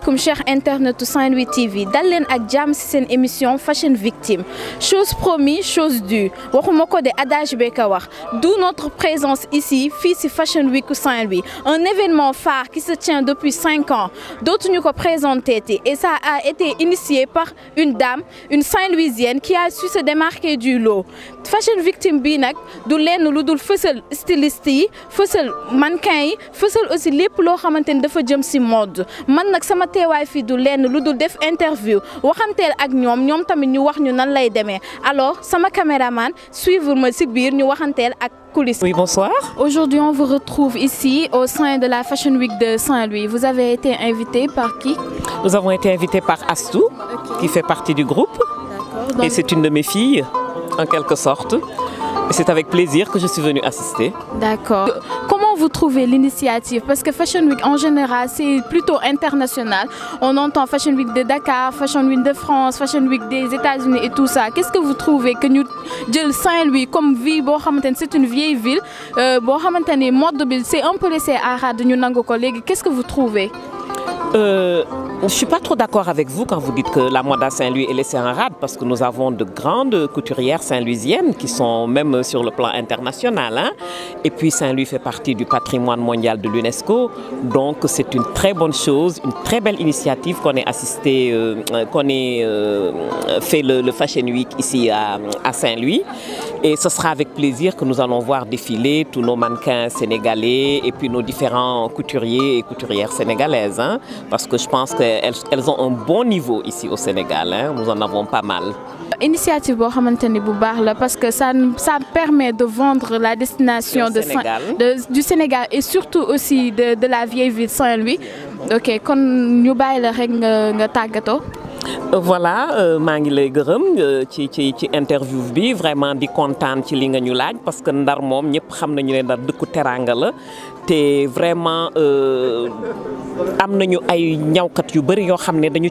comme cher internet ou Saint-Louis TV d'aller à ak c'est ci émission fashion Victim. chose promis, chose due Vous de adage c'est un d'où notre présence ici fii Fashion Week Saint-Louis un événement phare qui se tient depuis 5 ans D'autres nous ko présenté et ça a été initié par une dame une Saint-Louisienne qui a su se démarquer du lot fashion Victim c'est d'où du lenn lu dul styliste yi mannequin yi aussi lépp à qui ni dafa jëm ci mode man du lenn def interview waxantel ak tamit alors sama ma Oui, bonsoir. Aujourd'hui, on vous retrouve ici au sein de la Fashion Week de Saint-Louis. Vous avez été invité par qui Nous avons été invités par Astou, qui fait partie du groupe. Et c'est une de mes filles, en quelque sorte. Et C'est avec plaisir que je suis venue assister. D'accord vous trouvez l'initiative Parce que Fashion Week en général, c'est plutôt international. On entend Fashion Week de Dakar, Fashion Week de France, Fashion Week des États-Unis et tout ça. Qu'est-ce que vous trouvez que nous Saint-Louis comme ville, c'est une vieille euh, ville. c'est un peu laissé à Qu'est-ce que vous trouvez euh, je ne suis pas trop d'accord avec vous quand vous dites que la mode à Saint-Louis est laissée en rade parce que nous avons de grandes couturières saint-louisiennes qui sont même sur le plan international. Hein. Et puis Saint-Louis fait partie du patrimoine mondial de l'UNESCO. Donc c'est une très bonne chose, une très belle initiative qu'on ait assisté, euh, qu'on ait euh, fait le, Fashion Week ici à Saint-Louis. Et ce sera avec plaisir que nous allons voir défiler tous nos mannequins sénégalais et puis nos différents couturiers et couturières sénégalaises. Hein, parce que je pense qu'elles ont un bon niveau ici au Sénégal. Hein. nous en avons pas mal. Initiative Bohamantani parce que ça, ça permet de vendre la destination du Sénégal et surtout aussi de, la vieille ville Saint-Louis. Ok, quand nous voilà euh, Mangi ngi lay euh, ci ci ci interview bi vraiment di de ci li nga ñu parce que ndar savons ñep xam nañu né ndar dëkku la vraiment euh, am nañu ay yu bari dañu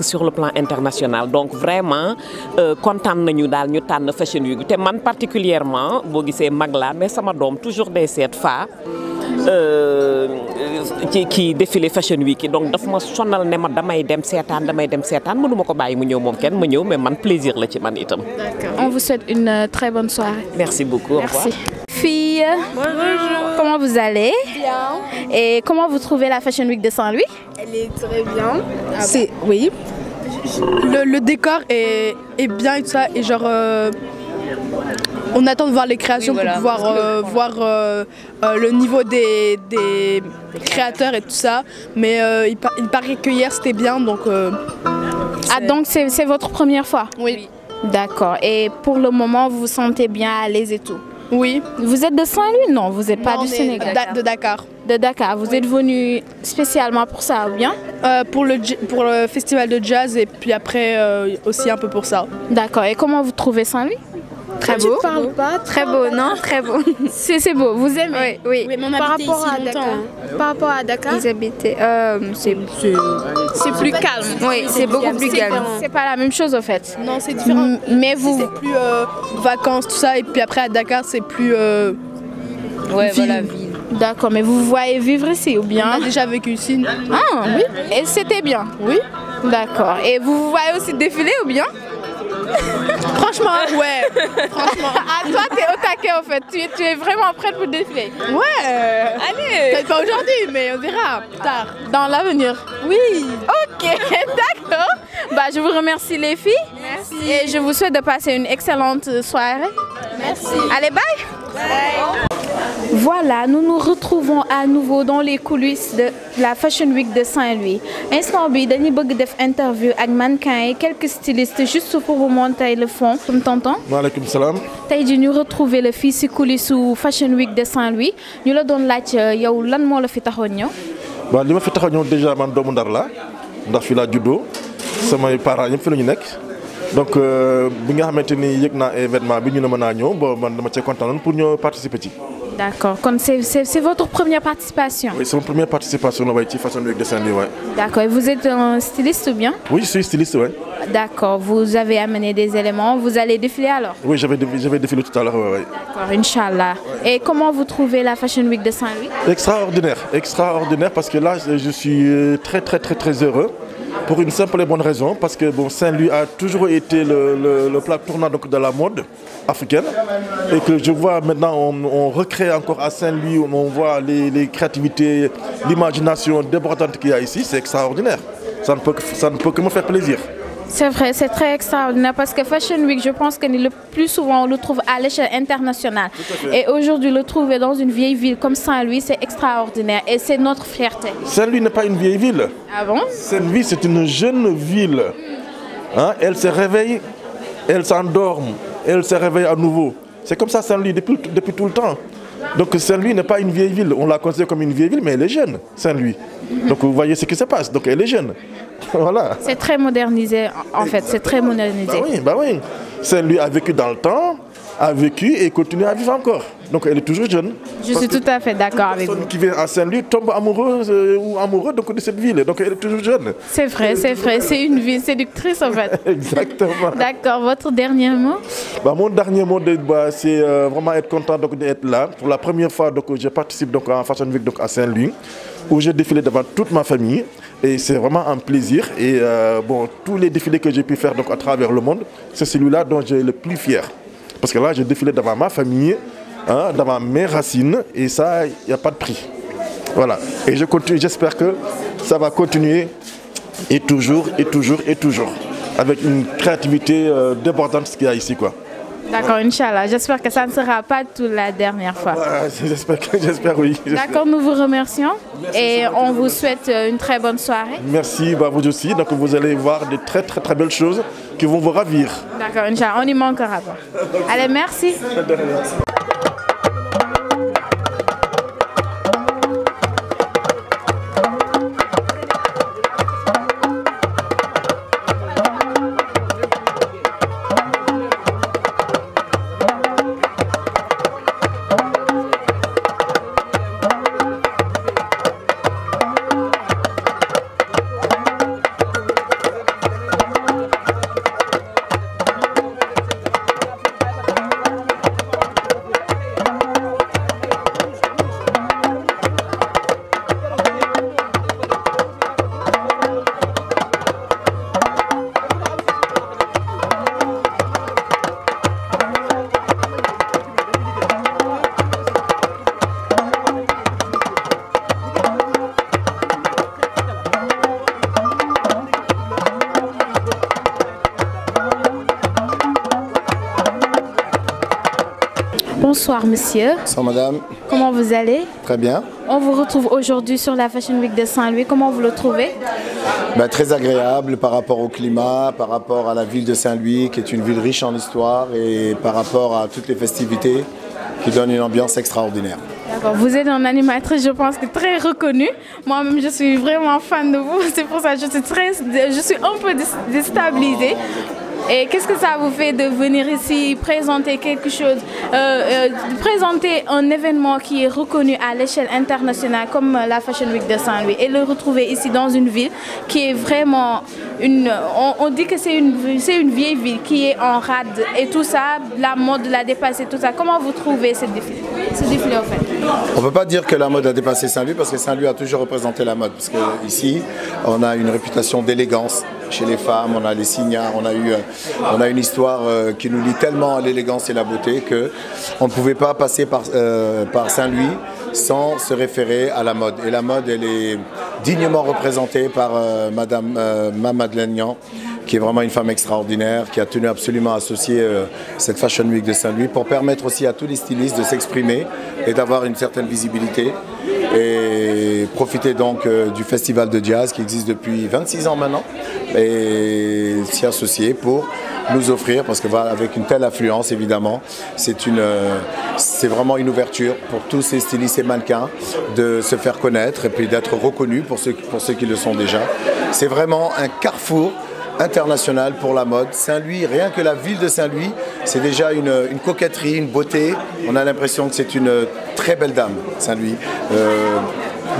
sur le plan international donc vraiment de nañu dal, ñu fashion week té man particulièrement bo Magla mais sama dom toujours des sept fa qui euh, qui défilé fashion week donc daf ma sonal dit que damay dem seetaan damay dem seetaan aller ko bàyyi mu ñëw moom kenn ma ñëw mais man plaisir la ci man itam. d'accord on vous souhaite une euh, très bonne soirée. merci beaucoup merci. au revoir. Fille, bonjour. Comment vous allez Bien. Et comment vous trouvez la Fashion Week de Saint-Louis Elle est très bien. Ah c'est oui. Le, le décor est, est, bien et tout ça et genre. Euh, on attend de voir les créations pour pouvoir euh, voir euh, euh, le niveau des, créateurs et tout ça. Mais il, paraît que hier c'était bien, donc. Ah donc c'est votre première fois. Oui. D'accord. Et pour le moment, vous vous sentez bien à l'aise et tout. Oui. Vous êtes de Saint-Louis Non, vous n'êtes pas du Sénégal. de Dakar. De Dakar. Vous êtes venu spécialement pour ça, ou bien pour, le, pour le festival de jazz et puis après aussi un peu pour ça. D'accord. Et comment vous trouvez Saint-Louis Très beau. très beau, non Très beau. C'est beau, vous aimez Oui, oui. par, rapport ici Dakar, hein. ah par rapport à Dakar Ils habitaient. Euh, c'est plus calme. Oui, c'est beaucoup plus calme. C'est pas la même chose en fait. Non, c'est différent. mais vous. C'est plus euh, vacances, tout ça. Et puis après à Dakar, c'est plus. Euh, ouais, ville. voilà, ville. D'accord, mais vous voyez vivre ici ou bien On déjà vécu ici. Ah oui Et c'était bien Oui. D'accord. Et vous voyez aussi défiler ou bien Franchement Ouais, À ah, toi, t'es au taquet en fait. Tu, es vraiment prêt pour le Ouais Allez peut pas aujourd'hui, mais on verra tard, dans l'avenir. Oui Ok, d'accord. Bah, je vous remercie les filles. Merci. Et je vous souhaite de passer une excellente soirée. Merci. Allez, bye Bye Voilà, nous nous retrouvons à nouveau dans les coulisses de la Fashion Week de Saint-Louis instant bi dañuy interview ak mannequin quelques stylistes juste pour vous montrer le fond. comme tonton salam. Tay le ñu retrouver le Fashion Week de Saint-Louis ñu la doon euh, yow lan la fi fi déjà man doomu la ndax fi parents donc euh, nga événement pour participer D'accord. C'est votre première participation Oui, c'est mon première participation dans Fashion Week de Saint-Louis. D'accord. Et vous êtes un styliste ou bien Oui, je suis styliste, oui. D'accord. Vous avez amené des éléments. Vous allez défiler alors Oui, j'avais défilé tout à l'heure, oui. D'accord, Inch'Allah. Et comment vous trouvez la Fashion Week de Saint-Louis Extraordinaire, extraordinaire parce que là, je suis euh, très, très, très, très heureux pour une simple et bonne raison, parce que bon, Saint-Louis a toujours été le, plat tournant donc, de la mode africaine. Et que je vois maintenant, on, recrée encore à Saint-Louis, on, voit les, créativités, l'imagination débordante qu'il y a ici, c'est extraordinaire. Ça ne, peut, ça ne peut que me faire plaisir. C'est vrai, c'est très extraordinaire parce que Fashion Week, je pense que le plus souvent, on le trouve à l'échelle internationale. Et aujourd'hui, le trouver dans une vieille ville comme Saint-Louis, c'est extraordinaire et c'est notre fierté. Saint-Louis n'est pas une vieille ville. Ah bon Saint-Louis, c'est une jeune ville. Hein, elle se réveille, elle s'endorme, elle se réveille à nouveau. C'est comme ça Saint-Louis depuis, depuis tout le temps. Donc Saint-Louis n'est pas une vieille ville. On la considère comme une vieille ville, mais elle est jeune, Saint-Louis. Donc vous voyez ce qui se passe. Donc elle est jeune. voilà. C'est très modernisé, en fait. C'est très modernisé. Bah oui, bah oui. Saint-Louis a vécu dans le temps a vécu et continue à vivre encore. Donc elle est toujours jeune. Je suis tout à fait d'accord avec vous. qui vient à Saint-Louis tombe amoureuse euh, ou amoureux de cette ville. Donc elle est toujours jeune. C'est vrai, euh, c'est vrai. C'est une ville séductrice en fait. Exactement. d'accord. Votre dernier mot bah, Mon dernier mot, bah, c'est euh, vraiment être content d'être là. Pour la première fois, donc, je participe donc, à Fashion Week donc, à Saint-Louis où j'ai défilé devant toute ma famille et c'est vraiment un plaisir et bon tous les défilés que j'ai pu faire donc à travers le monde c'est celui-là dont j'ai le plus fier. Parce que là, j'ai défilé devant ma famille, hein, devant mes racines, et ça, il n'y a pas de prix. Voilà. Et je j'espère que ça va continuer, et toujours, et toujours, et toujours, avec une créativité euh, ce qu'il y a ici, quoi. D'accord, Inch'Allah. J'espère que ça ne sera pas toute la dernière fois. j'espère, j'espère oui. D'accord, nous vous remercions et on vous souhaite euh, une très bonne soirée. Merci, bah, vous aussi. Donc vous allez voir de très très très belles choses qui vont vous ravir. D'accord, Inch'Allah, on y manquera pas. Allez, merci. monsieur. madame. Comment vous allez Très bien. On vous retrouve aujourd'hui sur la Fashion Week de Saint-Louis. Comment vous le trouvez bah, Très agréable par rapport au climat, par rapport à la ville de Saint-Louis qui est une ville riche en histoire et par rapport à toutes les festivités qui donnent une ambiance extraordinaire. Vous êtes un animatrice, je pense, très reconnu, Moi-même, je suis vraiment fan de vous. C'est pour ça que je suis, très, je suis un peu déstabilisée et qu'est-ce que ça vous fait de venir ici présenter quelque chose, euh, euh, présenter un événement qui est reconnu à l'échelle internationale comme la Fashion Week de Saint-Louis et le retrouver ici dans une ville qui est vraiment une... On, dit que c'est une, une vieille ville qui est en rade et tout ça, la mode l'a dépassé, tout ça. Comment vous trouvez ce défi ce en fait On ne peut pas dire que la mode a dépassé Saint-Louis parce que Saint-Louis a toujours représenté la mode parce qu'ici on a une réputation d'élégance chez les femmes, on a les signes, on a euh, on a une histoire euh, qui nous lie tellement à l'élégance et la beauté que on ne pouvait pas passer euh, par, Saint-Louis sans se référer à la mode. Et la mode, elle est dignement représentée par Madame Madeleine Nian, qui est vraiment une femme extraordinaire, qui a tenu absolument à associer cette Fashion Week de Saint-Louis pour permettre aussi à tous les stylistes de s'exprimer et d'avoir une certaine visibilité et profiter donc euh, du festival de jazz qui existe depuis 26 ans maintenant et s'y associer pour nous offrir, parce que avec une telle affluence évidemment, c'est une, euh, c'est vraiment une ouverture pour tous ces stylistes et mannequins de se faire connaître et puis d'être reconnus pour ceux, pour ceux qui le sont déjà. C'est vraiment un carrefour international pour la mode. Saint-Louis, rien que la ville de Saint-Louis, c'est déjà une, coquetterie, une beauté. On a l'impression que c'est une très belle dame, Saint-Louis. Euh,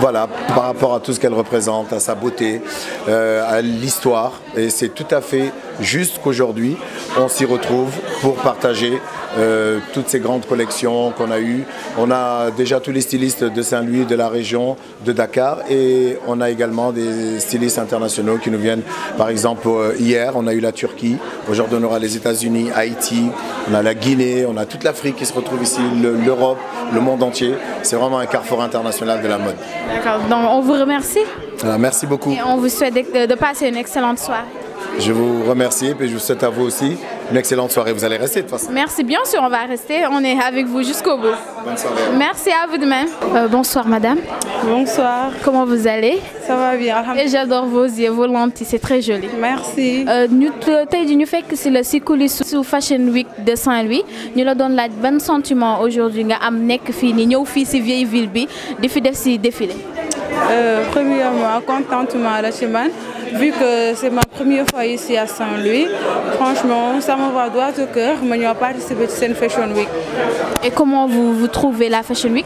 voilà, par rapport à tout ce qu'elle représente, à sa beauté, euh, à l'histoire. Et c'est tout à fait juste qu'aujourd'hui, on s'y retrouve pour partager euh, toutes ces grandes collections qu'on a eues. On a déjà tous les stylistes de Saint-Louis, de la région, de Dakar, et on a également des stylistes internationaux qui nous viennent. Par exemple, euh, hier, on a eu la Turquie, aujourd'hui, on aura les États-Unis, Haïti, on a la Guinée, on a toute l'Afrique qui se retrouve ici, l'Europe, le monde entier. C'est vraiment un carrefour international de la mode. D'accord, donc on vous remercie. Ah, merci beaucoup. on vous souhaite de, passer une excellente soirée. Je vous remercie et je vous souhaite à vous aussi une excellente soirée. Vous allez rester de toute façon. Merci bien sûr, on va rester. On est avec vous jusqu'au bout. Merci à vous demain. Euh, bonsoir madame. Bonsoir. Comment vous allez Ça va bien. Et j'adore vos yeux, vos lentilles, c'est très joli. Merci. Euh, nous avons fait que c'est le Sikouli sous Fashion Week de Saint-Louis. Nous leur donne le bon sentiment aujourd'hui. Nous avons nous vieille ville, nous avons défilé. Euh, premièrement, contentement à la semaine, vu que c'est ma première fois ici à Saint-Louis. Franchement, ça me va droit au cœur, mais nous avons participé à cette Fashion Week. Et comment vous, vous trouvez la Fashion Week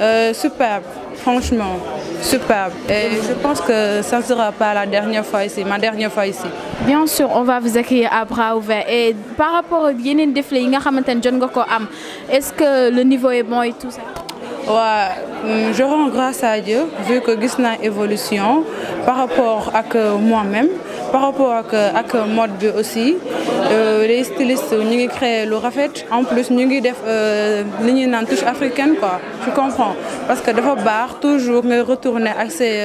euh, Superbe, franchement, superbe. Et je pense que ça ne sera pas la dernière fois ici, ma dernière fois ici. Bien sûr, on va vous accueillir à bras ouverts. Et par rapport au bien défilé, est-ce que le niveau est bon et tout ça Hum, je rends grâce à Dieu vu que gis évolution par rapport à moi-même par rapport à que mode aussi euh, les stylistes ont créé le en plus nous avons fait touche africaine quoi comprends parce que dafa baax toujours me retourner à ces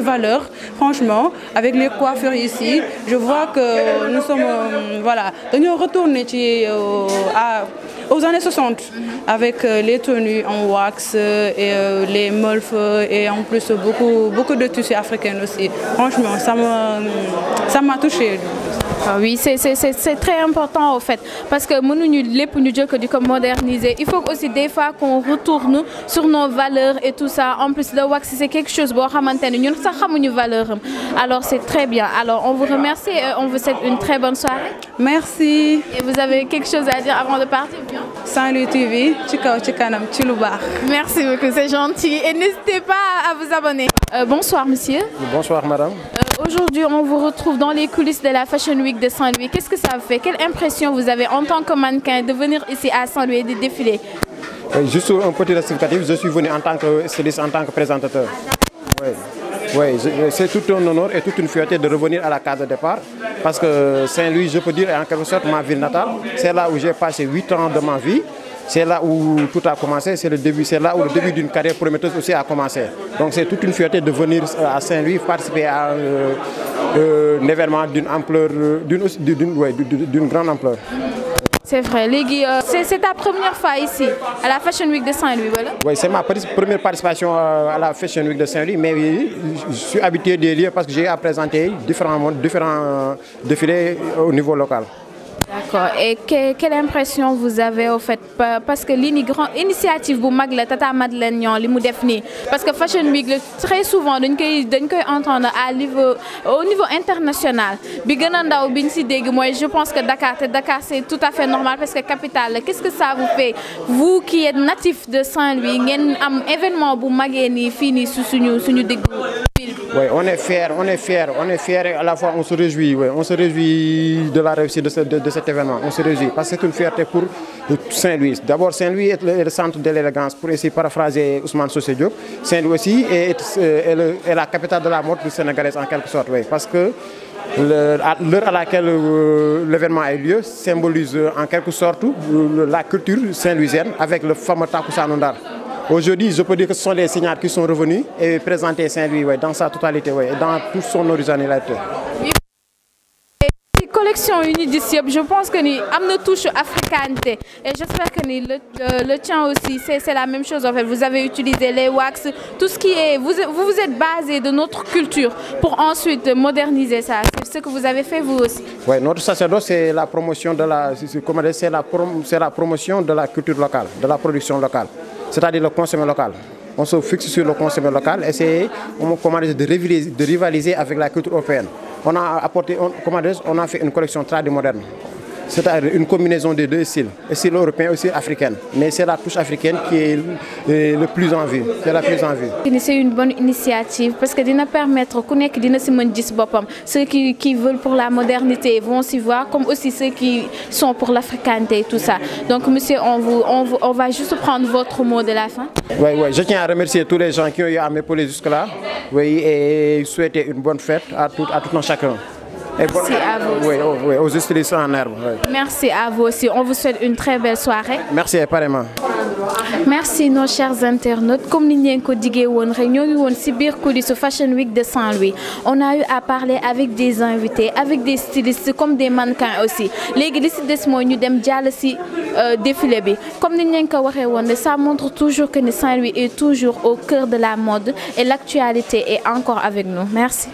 à valeurs franchement avec les coiffures ici je vois que nous sommes euh, voilà euh, aux années 60 avec les tenues en wax et euh, les molfs et en plus beaucoup, beaucoup de tissus africains aussi. Franchement, ça m'a touché oui, c'est très important en fait. Parce que nous, nous moderniser. Il faut aussi des fois qu'on retourne sur nos valeurs et tout ça. En plus, de wax, c'est quelque chose, nous savons nos valeurs. Alors, c'est très bien. Alors, on vous remercie et on vous souhaite une très bonne soirée. Merci. Et vous avez quelque chose à dire avant de partir bien? Salut TV, Tchikao Tchikanam, Merci beaucoup, c'est gentil. Et n'hésitez pas à vous abonner. Euh, bonsoir, monsieur. Bonsoir, madame. Euh, Aujourd'hui, on vous retrouve dans les coulisses de la Fashion Week de Saint-Louis. Qu'est-ce que ça fait Quelle impression vous avez en tant que mannequin de venir ici à Saint-Louis et de défiler Juste un petit rectificatif, je suis venu en tant que styliste, en tant que présentateur. Ah, oui. Euh, c'est tout un honneur et toute une fierté de revenir à la case de départ parce que Saint-Louis, je peux dire, est en quelque sorte ma ville natale. C'est là où j'ai passé 8 ans de ma vie. C'est là où tout a commencé, c'est le début, c'est là où le début d'une carrière prometteuse aussi a commencé. Donc c'est toute une fierté de venir à Saint-Louis participer à euh, euh, un événement d'une ampleur, euh, d'une grande ampleur. C'est vrai. c'est ta première fois ici, à la Fashion Week de Saint-Louis, voilà Oui, c'est ma première participation à la Fashion Week de Saint-Louis, mais je suis habitué des lieux parce que j'ai à présenter différents, différents défilés au niveau local. Et quelle impression vous avez au fait parce que l'initiative initiative Tata Madeleine parce que Fashion Week très souvent d'une que entendre à niveau au niveau international je pense que Dakar c'est tout à fait normal parce que capitale qu'est-ce que ça vous fait vous qui êtes natif de Saint-Louis un événement pour la ni sous sous su oui, on est fier, on est fier, on est fier et à la fois on se réjouit, on se réjouit de la réussite de, cet événement, on se réjouit parce que c'est une fierté pour Saint-Louis. D'abord, Saint-Louis est, le, centre de l'élégance, pour essayer de paraphraser Ousmane Sossé Saint-Louis aussi est, la capitale de la mort du sénégalaise en quelque sorte, parce que l'heure à laquelle euh, l'événement a eu lieu symbolise euh, en quelque sorte euh, la culture saint-louisienne avec le fameux Takusanondar. Aujourd'hui, je peux dire que ce sont les signales qui sont revenus et présentés Saint-Louis dans sa totalité et dans toute son originalité. collection les je pense que nous avons une touche africaine. et j'espère que le euh, le tien aussi c'est la même chose en fait vous avez utilisé les wax tout ce qui est vous vous vous êtes basé de notre culture pour ensuite moderniser ça c'est ce que vous avez fait vous aussi. oui notre sacerdoce c'est la promotion de la la c'est la promotion de la culture locale de la production locale c'est-à-dire le consommateur local. On se fixe sur le consommateur local, essayer de, rivaliser, de rivaliser avec la culture européenne. On a apporté, on a fait une collection très moderne cest une combinaison des deux styles, style européen et style africain. Mais c'est la touche africaine qui est euh, le plus en la plus en vue. C'est une bonne initiative parce que dina permettre de connaître dina ceux qui veulent pour la modernité vont s'y voir comme aussi ceux qui sont pour l'africanité et tout ça. Donc monsieur, on va juste prendre votre mot de la fin. Oui, oui, je tiens à remercier tous les gens qui ont eu à m'épauler jusque-là. Oui, et souhaiter une bonne fête à tout à tout chacun. Merci à vous. Oui, aux oh, stylistes en herbe. Merci à vous aussi. On vous souhaite une très belle soirée. Merci, apparemment. merci nos chers internautes comme nous ñu dit, ko diggee woon rek ñoo Fashion Week de Saint-Louis on a eu à parler avec des invités avec des stylistes comme des mannequins aussi l'église li ci des nous ñu dem euh, défilé comme ni ñu ça montre toujours que Saint-Louis est toujours au cœur de la mode et l'actualité est encore avec nous merci.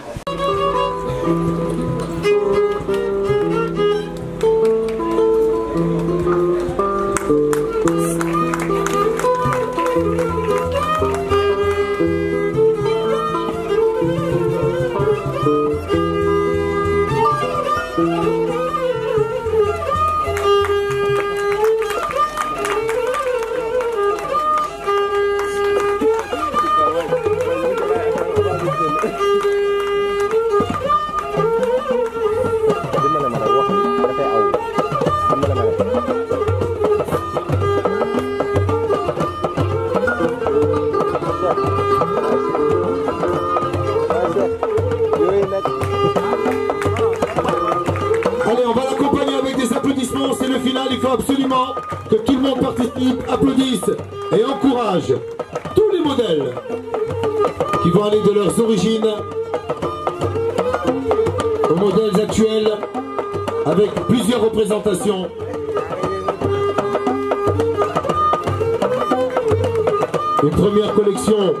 Une première collection.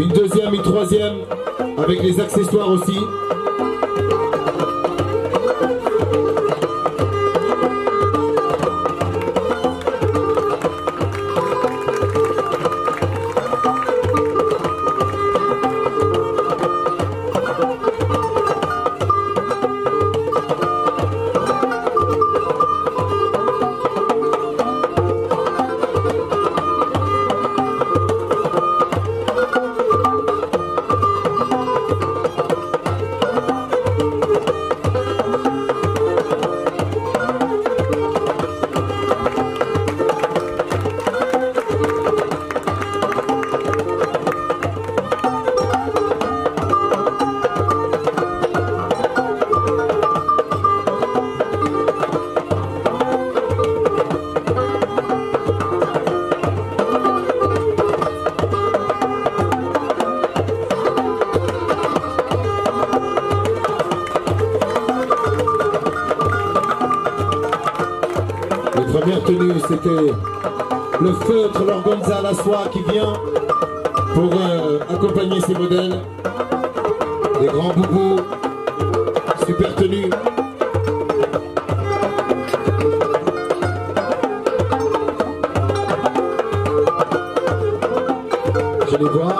Une deuxième, une troisième, avec les accessoires aussi. le feutre l'organza la soie qui vient pour euh, accompagner ces modèles. Des grands boubous, super tenues. Je les vois.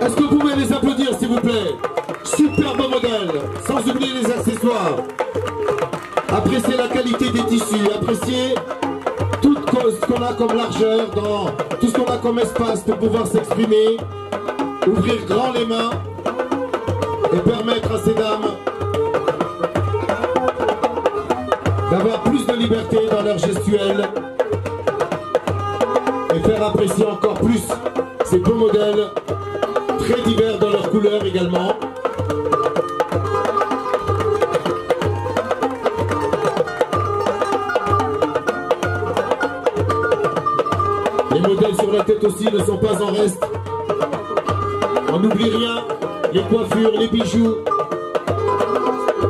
Est-ce que vous pouvez les applaudir s'il vous plaît Superbe modèle, sans oublier les accessoires. Appréciez la qualité des tissus, appréciez comme largeur, dans tout ce qu'on a comme espace de pouvoir s'exprimer, ouvrir grand les mains et permettre à ces dames d'avoir plus de liberté dans leur gestuelle et faire apprécier encore plus ces beaux modèles très divers dans leurs couleurs également. têtes aussi ne sont pas en reste. On n'oublie rien, les coiffures, les bijoux,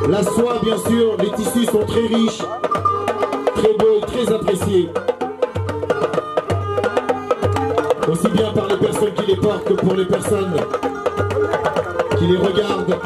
la soie bien sûr, les tissus sont très riches, très beaux très appréciés. Aussi bien par les personnes qui les portent que pour les personnes qui les regardent.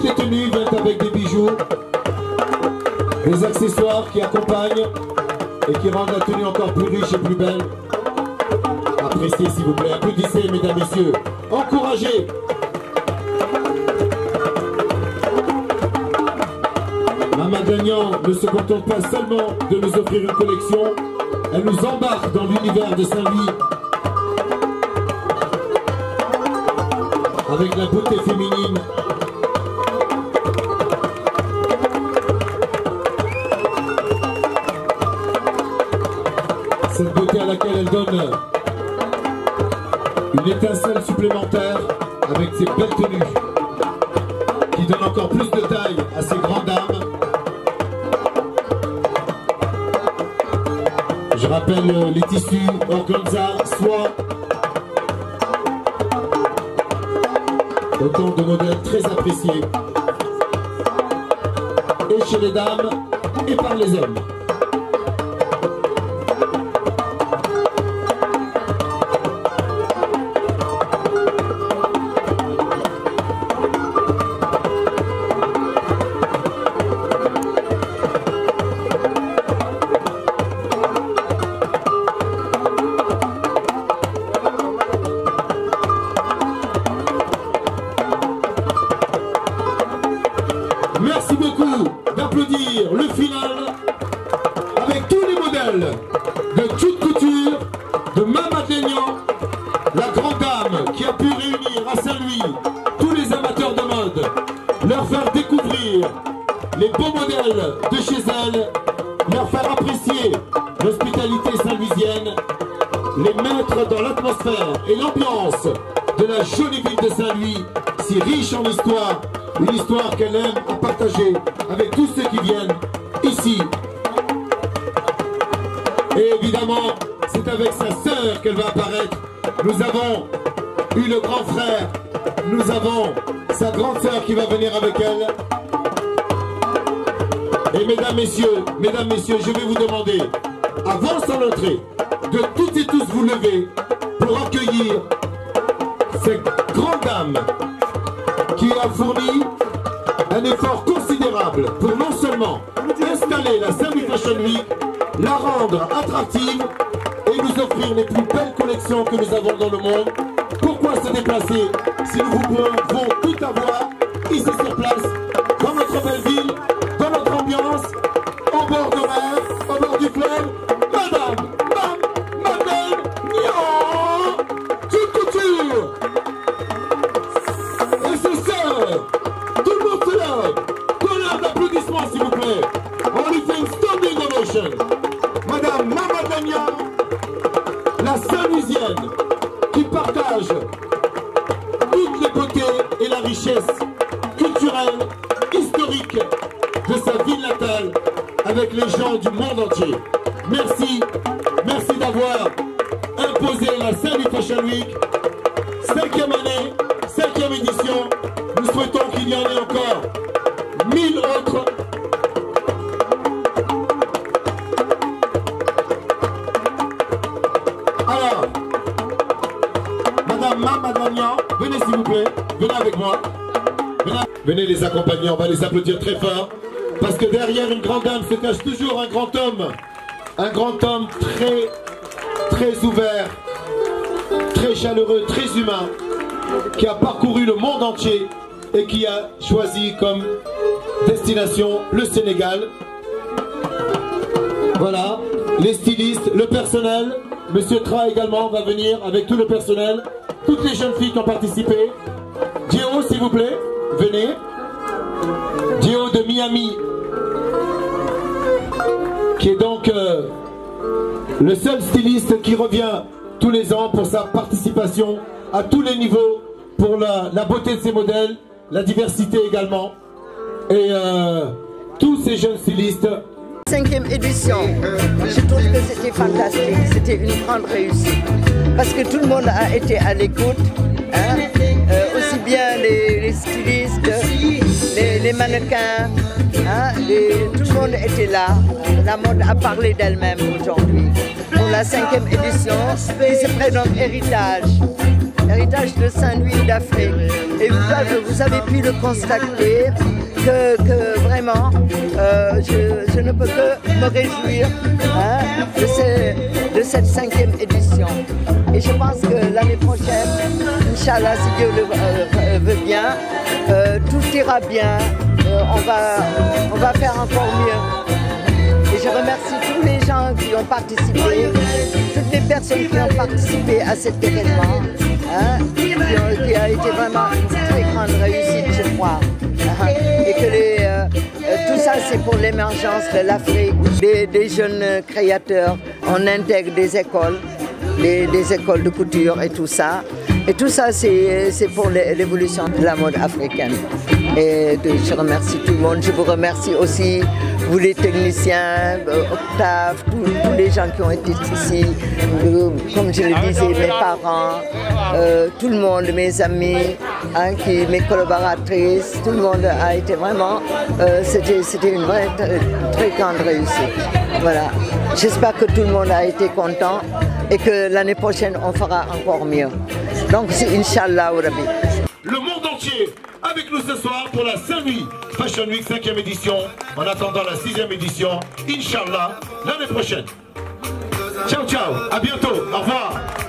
Toutes les tenues viennent avec des bijoux, des accessoires qui accompagnent et qui rendent la tenue encore plus riche et plus belle. Appréciez s'il vous plaît, applaudissez mesdames, messieurs, encouragez Maman Gagnon ne se contente pas seulement de nous offrir une collection, elle nous embarque dans l'univers de sa vie. avec la beauté féminine Je rappelle euh, les tissus euh, soit soie. Autant de modèles très appréciés. Et chez les dames et par les hommes. grande dame qui a pu réunir à Saint-Louis tous les amateurs de mode, leur faire découvrir les beaux modèles de chez elle, leur faire apprécier l'hospitalité saint-louisienne, les mettre dans l'atmosphère et l'ambiance de la jolie ville de Saint-Louis, si riche en histoire, une histoire qu'elle aime à partager avec tous ceux qui viennent ici. Et évidemment, c'est avec sa sœur qu'elle va nous avons eu le grand frère, nous avons sa grande sœur qui va venir avec elle. Et mesdames, messieurs, mesdames, messieurs, je vais vous demander, avant son entrée, de toutes et tous vous lever pour accueillir cette grande dame qui a fourni un effort considérable pour non seulement installer la service du Fashion Week, la rendre attractive, nous offrir les plus belles collections que nous avons dans le monde. Pourquoi se déplacer si nous pouvons tout avoir ici sur place, dans notre belle ville Merci. d'avoir imposé la scène du Fashion Week. Cinquième année, cinquième édition. Nous souhaitons qu'il y en ait encore 1000 autres. Alors, Madame Nian venez s'il vous plaît, venez avec moi. venez les accompagner, on va les applaudir très fort. Parce que derrière une grande dame se cache toujours un grand homme. Un grand homme très, très ouvert, très chaleureux, très humain, qui a parcouru le monde entier et qui a choisi comme destination le Sénégal. Voilà, les stylistes, le personnel. Monsieur Tra également va venir avec tout le personnel, toutes les jeunes filles qui ont participé. Dio, s'il vous plaît, venez. Dio de Miami qui est donc euh, le seul styliste qui revient tous les ans pour sa participation à tous les niveaux, pour la, beauté de ses modèles, la diversité également. Et euh, tous ces jeunes stylistes. Cinquième édition, je trouve que c'était fantastique, c'était une grande réussite. Parce que tout le monde a été à l'écoute, hein. euh, aussi bien les stylistes les, mannequins, hein, tout le monde était là. La mode a parlé d'elle-même aujourd'hui. Pour la cinquième édition, qui se prénomme Héritage. Héritage de Saint-Louis d'Afrique. Et vous, avez pu le constater que, vraiment, euh, je, ne peux que me réjouir hein, de, cette cinquième édition. Et je pense que l'année prochaine, Inch'Allah, si Dieu le euh, veut bien, euh, tout ira bien, euh, on, va, faire encore mieux. Et je remercie tous les gens qui ont participé, toutes les personnes qui ont participé à cet événement, hein, qui, a été vraiment une très grande réussite, je crois. et que euh, tout ça, c'est pour l'émergence de l'Afrique, des, jeunes créateurs. On intègre des écoles, des écoles de couture et tout ça. Et tout ça, c'est pour l'évolution de la mode africaine. Et je remercie tout le monde. Je vous remercie aussi, vous les techniciens, euh, Octave, tous les gens qui ont été ici. Euh, comme je le disais, mes parents, euh, tout le monde, mes amis, hein, mes collaboratrices, tout le monde a été vraiment. C'était une vraie, très grande réussite. Voilà. J'espère que tout le monde a été content et que l'année prochaine, on fera encore mieux. Donc, c'est Inch'Allah, Rabbi. Le monde entier avec nous ce soir pour la Saint-Louis Fashion Week 5e édition. En attendant la 6e édition, Inch'Allah, l'année prochaine. Ciao, ciao, à bientôt, au revoir.